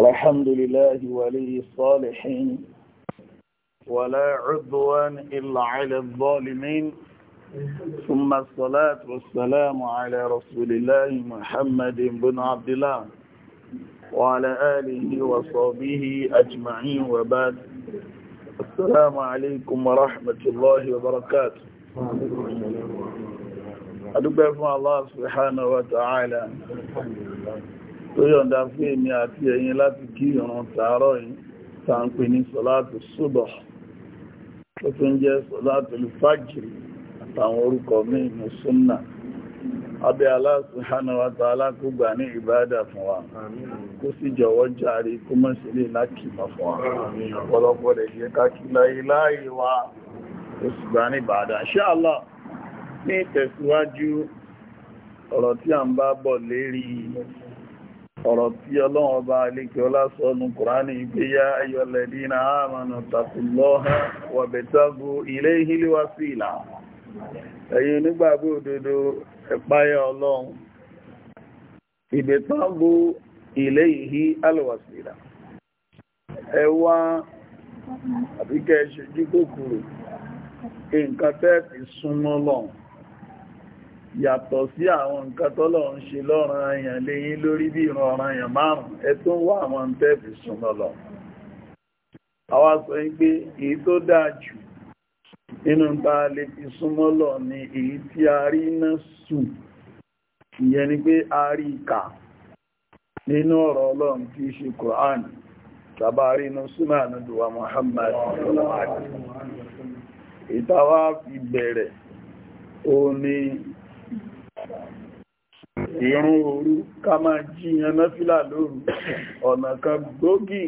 الحمد لله ولي الصالحين ولا عدوان إلا على الظالمين ثم الصلاة والسلام على رسول الله محمد بن عبد الله وعلى آله وصحبه أجمعين وبعد السلام عليكم ورحمة الله وبركاته أدبر الله سبحانه وتعالى tó yọ̀nda fún èmi àti ẹ̀yin láti kí ìrun tààrọ̀ yìí ta ń pè ní sọ́látù sóbọ̀ tó tún jẹ́ sọ́látù fàjìrì àtàwọn orúkọ mẹ́rin súnnà abẹ́ Allah subhanahu wa ta'ala kó gbà ní ọ̀rọ̀ tí a ń bá bọ̀ lérí ọ̀rọ̀ tí ọlọ́run ọba alékè sọ nù kùránì pé yá ayyuhalladhina amanu taqullaha wabtagu ilayhil wasila ẹ̀yin onígbàgbọ́ òdodo ẹ ọlọ́run yàtọ̀ sí àwọn nǹkan tọ́lọ̀ ń ṣe lọ́ràn àyàn léyìn lórí bí ìran ọ̀ràn àyàn márùn-ún ẹ tó àwọn tẹ́ẹ̀fì súnmọ́ lọ. àwa sọ pé èyí tó dáa jù nínú ta lè fi súnmọ́ lọ ni èyí tí a rí náà sùn ìyẹn ni pé a rí ìkà nínú ọ̀rọ̀ ọlọ́run tí í ṣe Kùránì tàbá rí inú súnmọ́ ànúdùwà Muhammad ìtawà fi bẹ̀rẹ̀ òní ìrun òru ká máa jíyàn náfílà lóru ọ̀nà kan gbòógì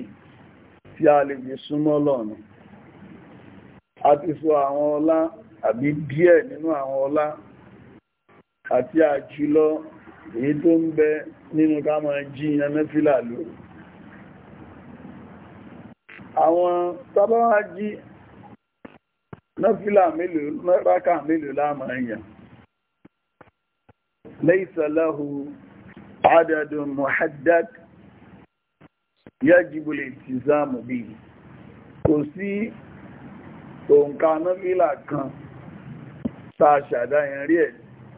tí a lè fi súnmọ́ lọ́nà a ti sọ àwọn ọlá àbí díẹ̀ nínú àwọn ọlá àti àjùlọ èyí tó ń bẹ nínú ká máa jíyàn náfílà lóru àwọn tábáwá jí náfílà mélòó láàmà èèyàn ليس له عدد محدد يجب الالتزام به kò sí òǹkà nọ́fílà kan ta ṣàdáyàn rí ẹ̀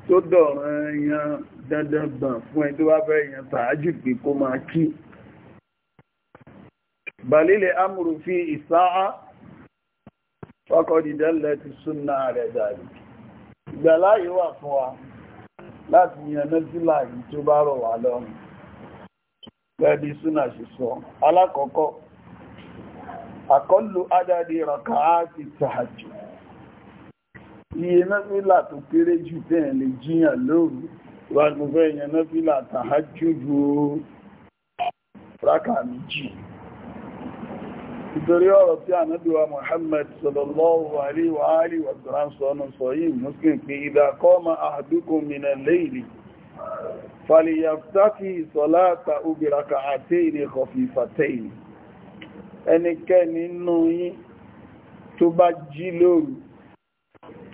tó dọ̀ràn yan dandan gbọ̀n fún ẹ tó wá fẹ́ yan tààjù pé kó máa kí balílẹ̀ amúrù fi ìsáà fọ́kọ̀dìdẹ́lẹ̀ ti súnà rẹ̀ dàrí ìgbàláyé wà fún wa láti yànnà sílà yìí tó bá rọ̀ wá lọ́rùn gẹ́bí súnà ṣe sọ alákọ̀ọ́kọ́ àkọlù adáde rọ̀ká àti tààjù iye náfílà tó kéré jù tẹ́ẹ̀ lè jíyàn lóòrù wà gbogbo èèyàn náfílà tààjù ju rákà méjì nítorí ọ̀rọ̀ tí ànádùwà Muhammad sallallahu alaihi wa alihi wa sallam sọ́nà sọ́yìn muslim pé idha qama ahadukum mina al-layli fàlìyàftákì sọ́láta obìnraka àti ìrìn kọfìfàtẹ́yìn ẹnikẹ́ni nínú yín tó bá jí lóru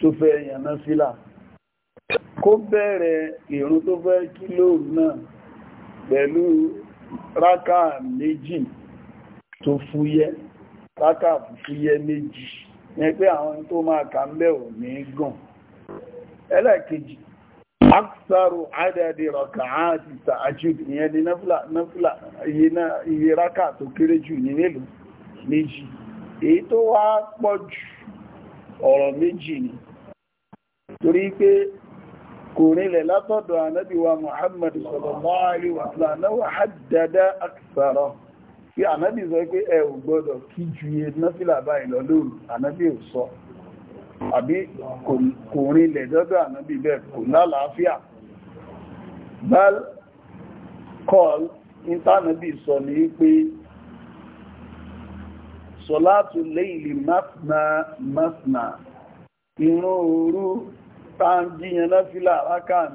tó fẹ́ yànná sílá kó bẹ̀rẹ̀ ìrun tó fẹ́ kí lóru náà pẹ̀lú rákà méjì tó fúyẹ́ rákà fúfúyẹ́ méjì ní pé àwọn tó máa kà ń bẹ̀ ò ní gùn ẹlẹ́ẹ̀kejì adadi rọ̀kà àti tààjùd ìyẹn ni náfìlà iye rákà tó kéré jù ní mélòó méjì èyí tó wá pọ̀ jù ọ̀rọ̀ méjì ni torí pé kò rílẹ̀ látọ̀dọ̀ wa tí ànábì sọ pé ẹ ò gbọ́dọ̀ kí ju iye báyìí lọ lóòrù ànábì ò sọ àbí kò rin ilẹ̀ dọ́dọ̀ ànábì bẹ́ẹ̀ kò lálàáfíà bal kọl sọ ní pé sọlátù léìlì masna masna ìrun òru tàǹjíyàn náfìlà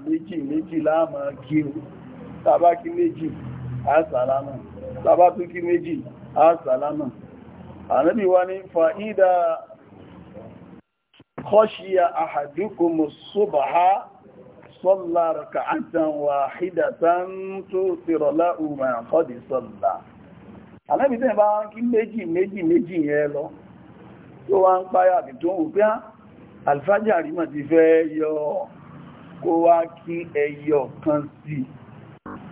méjì méjì láàmà kí o tàbákí tàbá tó kí méjì á sàlámà ànábì wá ní fa'ida khashiya ahadukum as-subha sọ́lá rọ̀kà àtàn wà hídàtàn tó tèrọ láhùmà kọ́dì sọ́lá. Ànábì tẹ́ bá ń kí méjì méjì méjì yẹn lọ, tó wá páyà bí tó wù pé ah, alfájà rí ti fẹ́ yọ kó wá kí ẹyọ kan sí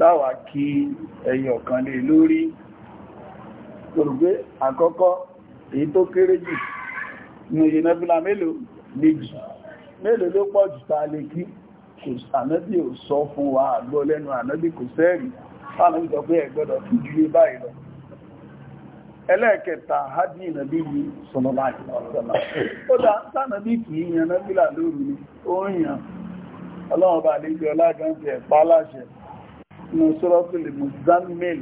táwà kí ẹ̀yìn ọ̀kan lè lórí olùgbé àkọ́kọ́ èyí tó kéré jù ní ìrìnàbílà mélòó méjì mélòó ló pọ̀ jù ta lè kí ànábì ò sọ fún wa àgbọ́ lẹ́nu ànábì kò sẹ́rì fánàbí sọ pé ẹ gbọ́dọ̀ fi jù lé báyìí lọ ẹlẹ́ẹ̀kẹta hajji ìnàbí yìí sọ̀nàlá ìlọ́sọ̀lá ó dá sánàbí kìí yan nábílà lóru ni jẹ́ ọlágan ní suratul Muzammil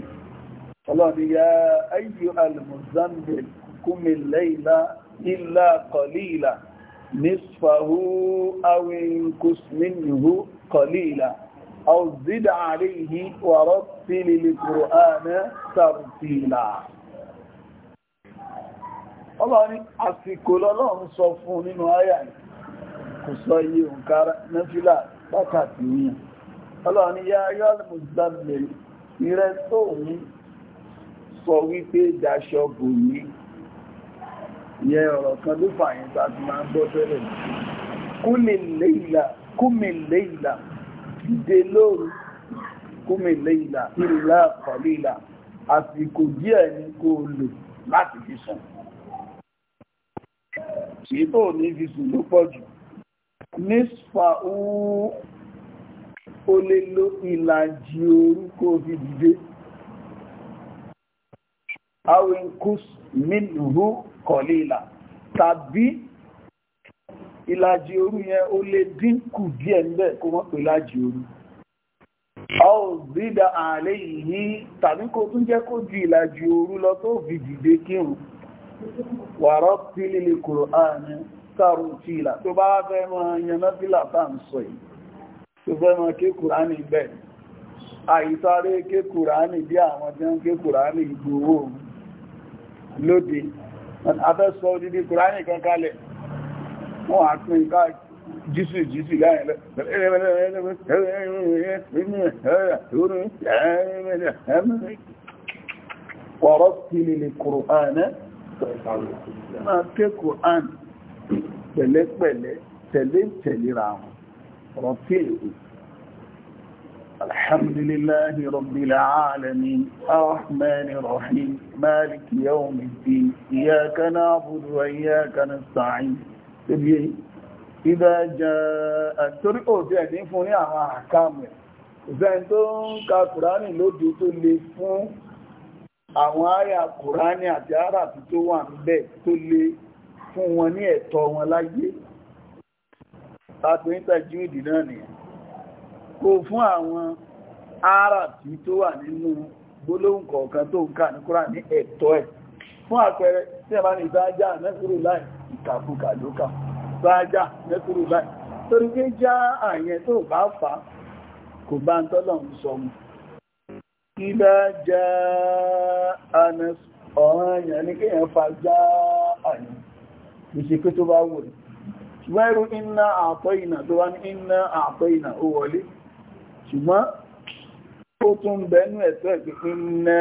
ọlọ́ni ya ayyuhal Muzammil qumil layla illa qalila nisfahu aw inqus minhu qalila aw zid alayhi wa rattilil qur'ana tartila ọlọ́ni àsìkò lọ́lọ́run sọ fún nínú àyà kò sọ iye òǹkà náfílà wákàtí yìí ọlọ́run yá yọ́lùmù gbàmìlì ìrẹ́ tó ń sọ wípé daṣọ bò ní yẹ ọ̀rọ̀ kan ló fàyín tàbí máa ń gbọ́ tẹ́lẹ̀ kúmìlèìlà dìde lóru kúmìlèìlà ìrìlá kọ̀lìlà àsìkò díẹ̀ ní kó lò láti fi sùn ṣètò ní fi sùn ló pọ̀ jù nípa ó lè lo ìlàjì òru kó fi dìde awinkus minhu kọlila tàbí ìlàjì òru yẹn ó lè dínkù díẹ̀ níbẹ̀ kó mọ́ pé ìlàjì òru ọ̀gbídà ààlẹ́ yìí tàbí kó tún jẹ́ kó ju ìlàjì òru lọ tó fi dìde kírun wàrọ́ pílìlì kùrọ̀ ààrin tààrùn tìlà tó bá fẹ́ mọ́ yanábílà bá ń sọ yìí tó fẹ́ mọ́ ké kùránì bẹ̀ àìsáré ké kùránì bí àwọn tí wọ́n ké kùránì ìgbòho lóde afẹ́sọ́ dídí kùránì kankalẹ̀ wọ́n á pín ká jísù jísù láàrin lẹ́ wọ̀rọ̀tìlì lè kùránì máa ké kùránì pẹ̀lẹ́pẹ̀lẹ́ tẹ̀lé tẹ̀lé ra wọn رفيق الحمد لله رب العالمين الرحمن الرحيم مالك يوم الدين إياك نعبد وإياك نستعين تبيه إذا جاء ترقوا في أدين فوني أما أحكامه ìfẹ́n tó ń ka kùránì lójú tó lè fún àwọn àyà kùránì àti àràtì tó wà ń bẹ̀ tó lè fún wọn ní ẹ̀tọ́ wọn láyé tàbí tajúìdì náà nìyẹn kò fún àwọn áràbí tó wà nínú gbólóhùn kọ̀ọ̀kan tó ń kà ní kúrà ní ẹ̀tọ́ ẹ̀ fún àpẹẹrẹ tí ẹ bá ní ìbájá mẹ́kúrò láì ìkàkùkà lókà ìbájá mẹ́kúrò láì torí pé já àyẹn tó bá fà kò bá ń tọ́lọ̀ ń sọ mu ìbá já ní kéèyàn fa já àyẹn kì ṣe pé tó bá wò ní ṣùgbọ́n irú iná àpọ̀ ìnà tó wá ní iná àpọ̀ ìnà ó wọlé ṣùgbọ́n ó tún bẹnu ẹ̀tọ́ ìpínpín iná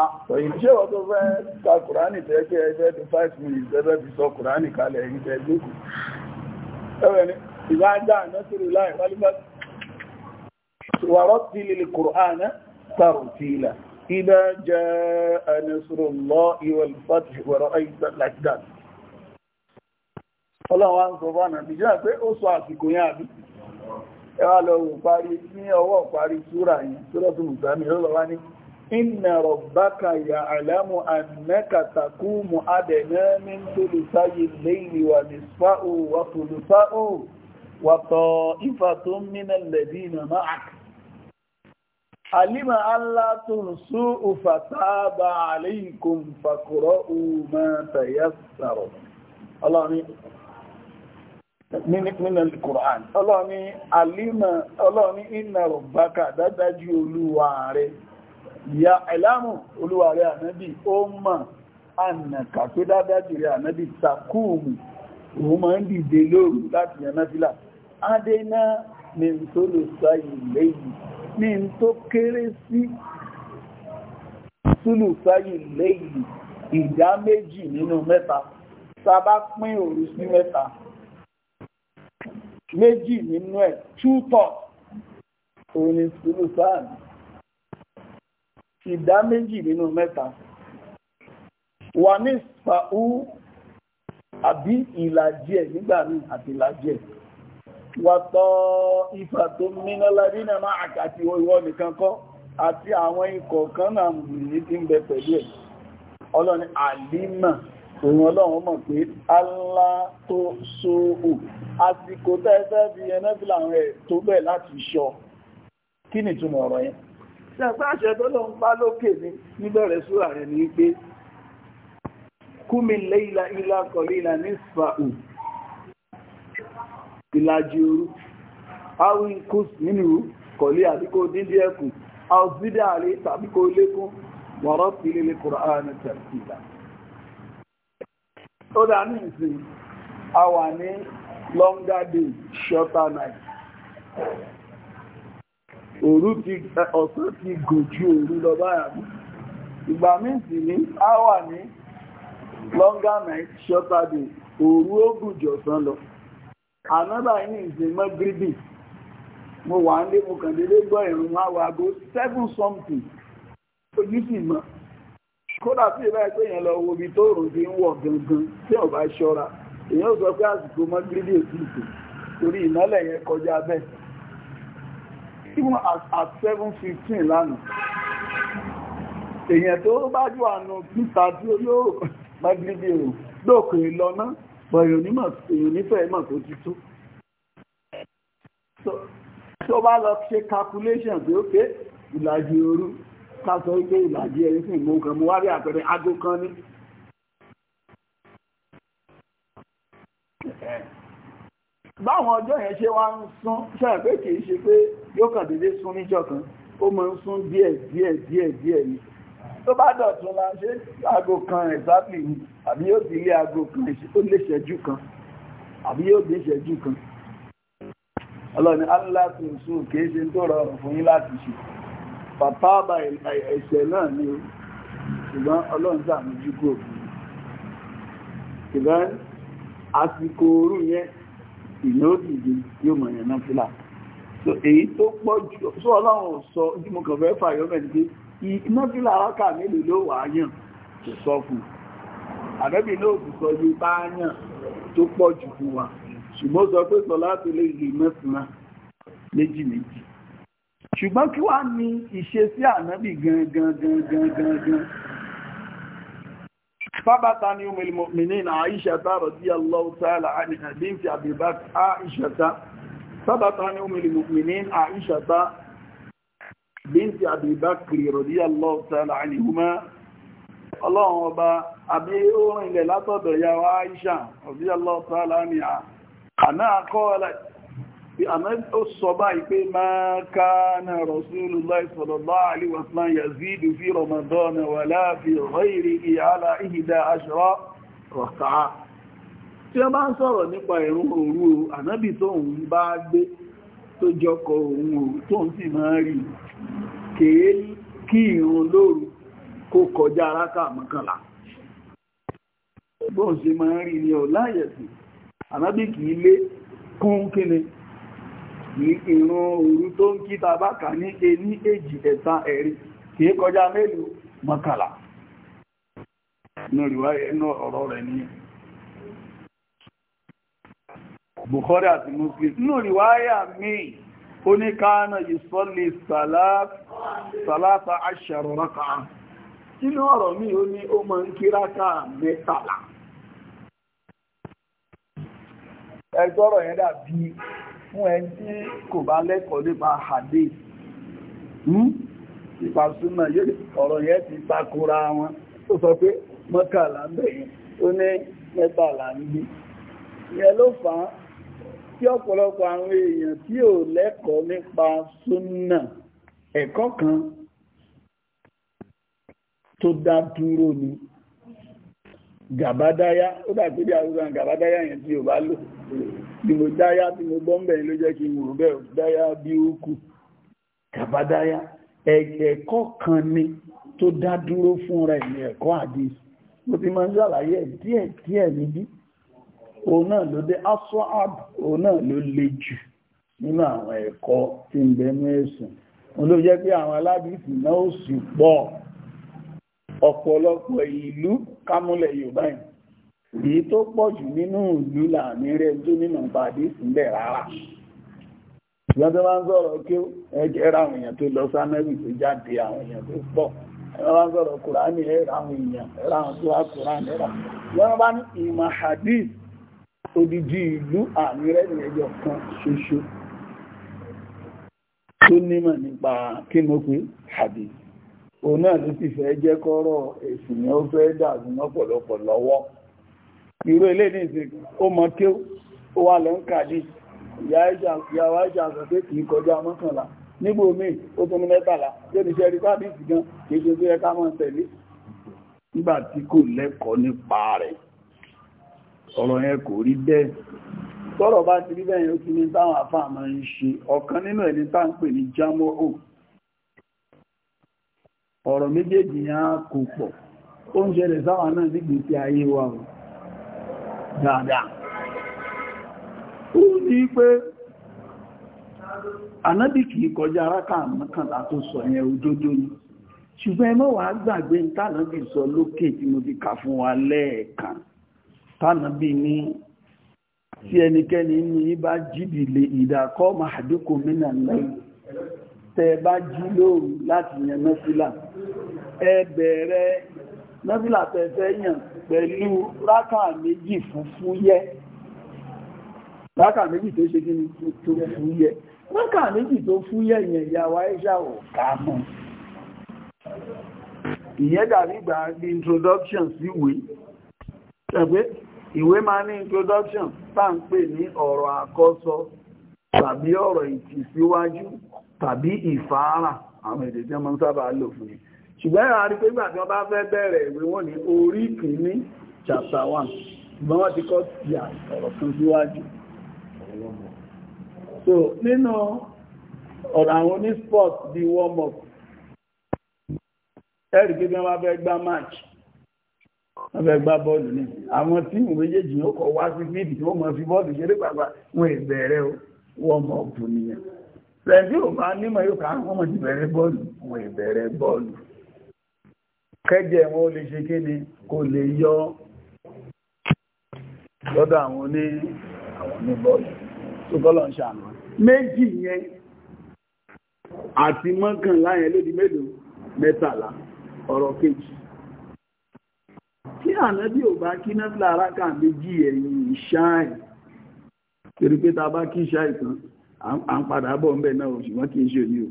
àpọ̀ ìnà ṣé wọ́n tó fẹ́ ka kùránì tẹ́ pé ẹgbẹ́ tó 5 minutes ẹgbẹ́ fi sọ kùránì kalẹ̀ ẹ̀yìn tẹ́ gbókù like that ọlọ́wà ń sọ bọ́nà bí jẹ́ pé ó sọ àsìkò yẹn àbí ẹwà lọ wò parí ní ọwọ́ parí súra yìí súra tó mùsà ní ọlọ́wà ní inna rabbaka ya'lamu annaka taqumu adna min thuluthayi al-layli wa nisfahu wa thuluthahu wa ta'ifatun min alladhina ma'ak alima nínú alukur'an ọlọ́ni alima ọlọ́ni iná rọ̀bákà dádájú olúwa rẹ̀ ya ẹ̀lámù olúwa rẹ̀ ànábì ó mọ̀ ànàkà pé dádájú rẹ̀ ànábì takúùmù òun máa ń dìde lóru láti yanáfílà adéná ni tó lè sá ilé yìí ní tó kéré sí túlù sá ilé ìdá méjì nínú mẹ́ta sábà pín òru mẹ́ta méjì nínú ẹ̀ two thirds òun ni sùúrù sáà ìdá méjì nínú mẹ́ta wà ní ìpàú àbí ìlàjì ẹ̀ nígbà míì àti ìlàjì ẹ̀ wàtọ̀ ìfà tó mínà lárí náà máa àkàtì ìwọ nìkan kọ́ àti àwọn ikọ̀ kan náà ní ti ń bẹ pẹ̀lú ẹ̀ ọlọ́ni àlímà òun ọlọ́run mọ̀ pé Allah tó sóò àsìkò tẹ́ẹ̀fẹ́ bí ẹnẹ́bìlà rẹ̀ tó bẹ̀ láti ṣọ kí ni túnmọ̀ ọ̀rọ̀ yẹn ṣẹ̀fẹ́ àṣẹ tó lọ ń pa lókè ní níbẹ̀rẹ̀ súra rẹ̀ ní pé kúmi lẹ́yìnlá ilá kọ̀lílà ní sfa'ù ìlàjì òru awin kus nínú kọ̀lí àdíkò dídí ẹkùn ó dá a ní longer day shorter night òru ti ti gòjú òru a ní longer night shorter day òru lọ another mọ́ mo wà ń lé mo kàn déédéé gbọ́ seven something ojú sì kódà sí ìbá ẹgbẹ́ yẹn lọ wo ibi tó rùn sí ń wọ̀ gangan tí ọba ṣọ́ra èyàn sọ pé àsìkò mọ́gírídì òsì ìpè torí ìmọ́lẹ̀ yẹn kọjá bẹ́ẹ̀ even at seven fifteen lánàá èyàn tó bá jù àná níta tí ó yóò mọ́gírídì òun lóòkè lọ́nà pọ̀ èyàn nífẹ̀ẹ́ mọ̀ tó ti tó tó bá lọ ṣe calculation pé ó ìlàjì òru kásọ wípé ìlàjì ẹ̀rí fún ìmú kan mo wá rí àpẹẹrẹ aago kan ní. báwọn ọjọ́ yẹn ṣe wá ń sún ṣáà pé kì í ṣe pé yóò kàn déédé sún níjọ́ kan ó máa ń sún díẹ̀ díẹ̀ díẹ̀ díẹ̀ ni tó bá dọ̀tún la ṣe aago kan exactly ni àbí yóò di ilé aago kan ó lè ṣẹ́jú kan àbí yóò di ìṣẹ́jú kan ọlọ́ni aláàtúnṣù kìí ṣe tó rọrùn fún yín láti ṣe bàbá àbà ẹ̀ṣẹ̀ náà ni ṣùgbọ́n ọlọ́run sàmójú kò ṣùgbọ́n àsìkò òru yẹn ìlóòdìdì yóò mọ̀ yẹn náà fílà so èyí tó pọ̀ jù sọ ọlọ́run sọ ojú mo kàn fẹ́ fàyọ́ mẹ́rin pé iná fílà aráka mélòó ló wà á yàn kò sọ fún àdẹ́bì náà kò sọ yé bá yàn tó pọ̀ jù fún wa ṣùgbọ́n sọ pé sọ láti lè rí mẹ́sàn méjì méjì ṣùgbọ́n kí wá ní ìṣesí ànábì gangan gangan gangan fábátà ni umul mu'minin àìṣàtà radiyallahu ta'ala anha binti Abi Bakr àìṣàtà fábátà ni umul mu'minin àìṣàtà binti Abi Bakr radiyallahu ta'ala anhuma ọlọ́run ọba àbí orin ilẹ̀ látọ̀dọ̀ yàwó àìṣà radiyallahu ta'ala anha àná àkọ́ọ̀lẹ̀ àmọ́ ó sọ báyìí pé máa ká náà Rasulullahi sallallahu alaihi wasallam yazidu fi Ramadan wala fi ghairihi ala ihda ashra rak'ah tí wọ́n bá ń sọ̀rọ̀ nípa ìrun òru ànábì tó ń bá gbé tó jọkọ̀ òun òru tó ń kí ni ìran iran tó ń kí tàbá kà ní ení èjì ẹ̀ta ẹ̀rí kìí kọjá mélòó mọ́kànlá ọ̀rọ̀ rẹ̀ ní Bukhari àti Muslim nínú ríwáyà míì ó ní káánà yusalli sàlátà ní fún ẹni tí kò bá lẹ́kọ̀ọ́ nípa hadith hmm? nípa súnmọ̀ yóò ọ̀rọ̀ yẹn ti takora wọn tó sọ pé mọ́kànlá ń bẹ̀yìn ó ní mẹ́tàlá ń gbé yẹn ló fà á tí ọ̀pọ̀lọpọ̀ àwọn èèyàn tí ò lẹ́kọ̀ọ́ nípa súnà ẹ̀kọ́ kan tó dá dúró ni gàbádáyá ó dàbí bí àrúgbà gàbádáyá yẹn tí ò bá lò bí mo dáyá bí mo gbọ́ mbẹ̀yìn ló jẹ́ kí n wò bẹ́ẹ̀ dáyá bí ó kù gàbádáyá ẹ̀kọ́ kan ni tó dá dúró fún rẹ̀ ní ẹ̀kọ́ àdìs mo ti máa ń ṣàlàyé díẹ̀ díẹ̀ níbí òun náà ló dé aswab òun náà ló le jù nínú àwọn ẹ̀kọ́ tí ń bẹ ní ẹ̀sùn òun ló jẹ́ pé àwọn aládìsí náà ó sì pọ̀ ọ̀pọ̀lọpọ̀ ìlú kámúlẹ̀ Yorùbá yìí èyí tó pọ̀ jù nínú ìlú làmì rẹ̀ tó nínú pàdé sílẹ̀ rárá ìgbọ́n tó máa ń sọ̀rọ̀ kí ẹjẹ́ ráwọn èèyàn tó lọ sánẹ́bì tó jáde àwọn èèyàn tó pọ̀ ẹ̀rọ ń sọ̀rọ̀ kùránì ẹ̀ráwọn èèyàn ẹ̀ráwọn tó wá kùránì ẹ̀ráwọn wọ́n bá ní ìmọ̀ hadith odidi ìlú àmì rẹ̀ òun náà ló sì fẹ́ jẹ́ kọ́rọ̀ èsùn yẹn ó fẹ́ dàrú lọ́pọ̀lọpọ̀ lọ́wọ́ irú ilé ní ìsìn ó mọ kí ó wà lọ ń kàdí ìyàwó ìjà pé kìí kọjá mọ́kànlá nígbò míì ó tún ní mẹ́tàlá tí ó ṣe tí kò lẹ́kọ̀ọ́ nípa rẹ̀ ọ̀rọ̀ yẹn kò rí bẹ́ẹ̀ tọ́rọ̀ bá ti rí bẹ́ẹ̀ ti ní táwọn àfáà máa ń ṣe ọ̀kan nínú ọ̀rọ̀ méjèèjì yẹn á kò pọ̀ ó ń ṣẹlẹ̀ sáwà náà nígbì tí ayé wa o dáadáa ó ní pé ànábì kìí kọjá aráka mọ́kànlá tó sọ yẹn òdodo ni ṣùgbọ́n ẹ má gbàgbé tánàbì sọ lókè tí mo ti kà fún wa tẹ bá jí lóòrù láti yàn náfílà ẹ bẹ̀rẹ̀ náfílà tẹ́fẹ́ yàn pẹ̀lú rákà méjì fún fúyẹ́ rákà méjì tó ṣe gíní tó fúyẹ́ rákà méjì tó fúyẹ́ yẹn ìyàwó ẹ̀ṣàwọ̀ kàmọ́ ìyẹn dàbí gbà ní introduction sí ìwé ṣẹ̀gbẹ́ ìwé máa ní introduction tá ń pè ní ọ̀rọ̀ àkọ́sọ tàbí ọ̀rọ̀ ìtìsíwájú tàbí ìfàárà àwọn èdè tí wọ́n máa ń sábà lò fún ní ṣùgbọ́n ẹ̀rọ àrí pé ìgbà tí wọ́n bá fẹ́ bẹ̀rẹ̀ ìwé wọn ní orí kìíní chapter one ṣùgbọ́n wọ́n ti kọ́ ti ọ̀rọ̀ kan síwájú fẹ́ gbá match wọ́n fẹ́ gbá bọ́ọ̀lù ní àwọn tíìmù méjèèjì yóò kọ wá sí fíìdì tí wọ́n mọ̀ fi bọ́ọ̀lù ṣeré pàpà wọn ìbẹ̀rẹ̀ warm up nìyẹn rẹ̀dí ò máa nímọ̀ yóò ká àwọn ah, ọmọ ti bẹ̀rẹ̀ bọ́ọ̀lù wọn ìbẹ̀rẹ̀ bọ́ọ̀lù kẹjẹ wọn ó lè ṣe kí ni kò lè yọ lọ́dọ̀ àwọn oní àwọn oní bọ́ọ̀lù tó kọ́lọ̀ ń ṣàánú méjì yẹn àti mọ́kànlá yẹn ló di mélòó mẹ́tàlá ọ̀rọ̀ kejì kí ànábì ò bá kí náfìlà arákà méjì ẹ̀yìn ìṣáì torí ta bá kí ìṣáì kan à ń padà bọ̀ ń bẹ̀ náà o ṣùgbọ́n kì í ṣe ní o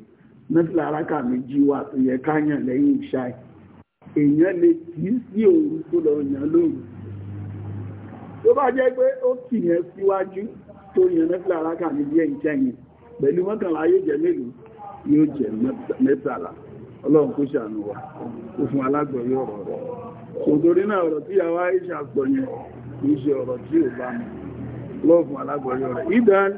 nọ́fìlà aráka méjì wà tó yẹ káyàn lẹ́yìn ìṣáì èèyàn lè kì í sí òru tó lọ yàn lóru tó bá jẹ́ pé ó kì yẹn síwájú tó yàn nọ́fìlà aráka méjì ẹ̀yìn kẹ́yìn pẹ̀lú mọ́kànlá yóò jẹ́ mélòó yóò jẹ́ mẹ́tàlá ọlọ́run kó ṣàánú wa kó fún alágbọ̀yé ọ̀rọ̀ rẹ̀ òtòrí náà ọ̀rọ̀ tí àwa ìṣàgbọ̀yẹn kì í ṣe ọ̀rọ̀ tí ò bá mi lọ́ọ̀fún alágbọ̀yé rẹ̀ ìdáni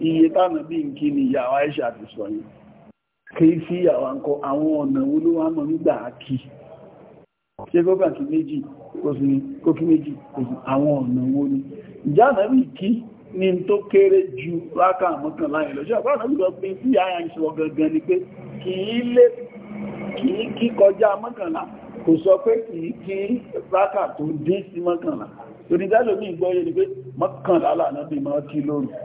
iye tánà bí nkí ni ìyàwó Aisha ti sọ yìí kìí sí ìyàwó ǹkọ́ àwọn ọ̀nà olówó àmọ́ nígbà kí ṣe kókà kí méjì kókí méjì àwọn ọ̀nà wo ni bí kí ní tó kéré ju rákà mọ́kànlá kọjá kò sọ pé kí rákà tó dín sí mọ́kànlá ni pé mọ́kànlá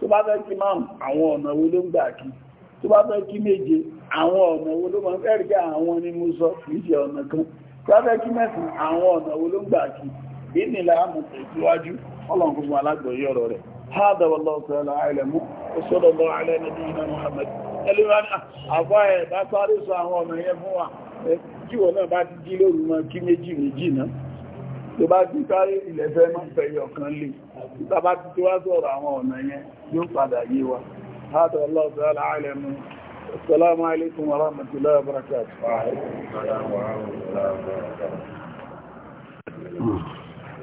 tó bá fẹ́ kí máàmù àwọn ọ̀nà wo ló ń gbà kí tó bá fẹ́ kí méje àwọn ọ̀nà wo ló máa fẹ́ rí ká àwọn ni mo sọ kìí ṣe ọ̀nà kan tó bá fẹ́ kí mẹ́sàn àwọn ọ̀nà wo ló ń gbà kí ìnìlà àmọ̀ tẹ̀síwájú ọlọ́run alágbòye ọ̀rọ̀ rẹ̀ هذا والله تعالى أعلم وصلى الله على نبينا محمد ẹlẹ́wọ̀n àbá ẹ̀ bá sáré sọ àwọn ọmọ ẹ̀yẹ fún wa jíwọ̀ náà bá ti jí lórí mọ́ kí méjì méjì náà tó bá ti sáré ilẹ̀ fẹ́ mọ́ fẹ̀yọ̀ kan lè tàbá ti tí wá sọ̀rọ̀ àwọn ọ̀nà yẹn yóò padà yé wa hádà ọlọ́ọ̀tà aláàlẹ́mú assalamu alaikum wa rahmatullahi wa barakatuh